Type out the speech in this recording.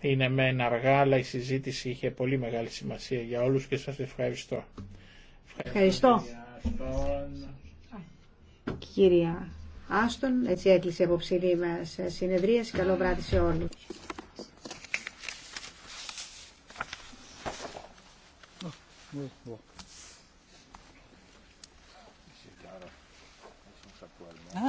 είναι μεν αργά, αλλά η συζήτηση είχε πολύ μεγάλη σημασία για όλους και σας ευχαριστώ. Ευχαριστώ. Κυρία Άστον, έτσι έκλεισε η αποψηλή μας συνεδρία. Καλό βράδυ σε όλους. Ah.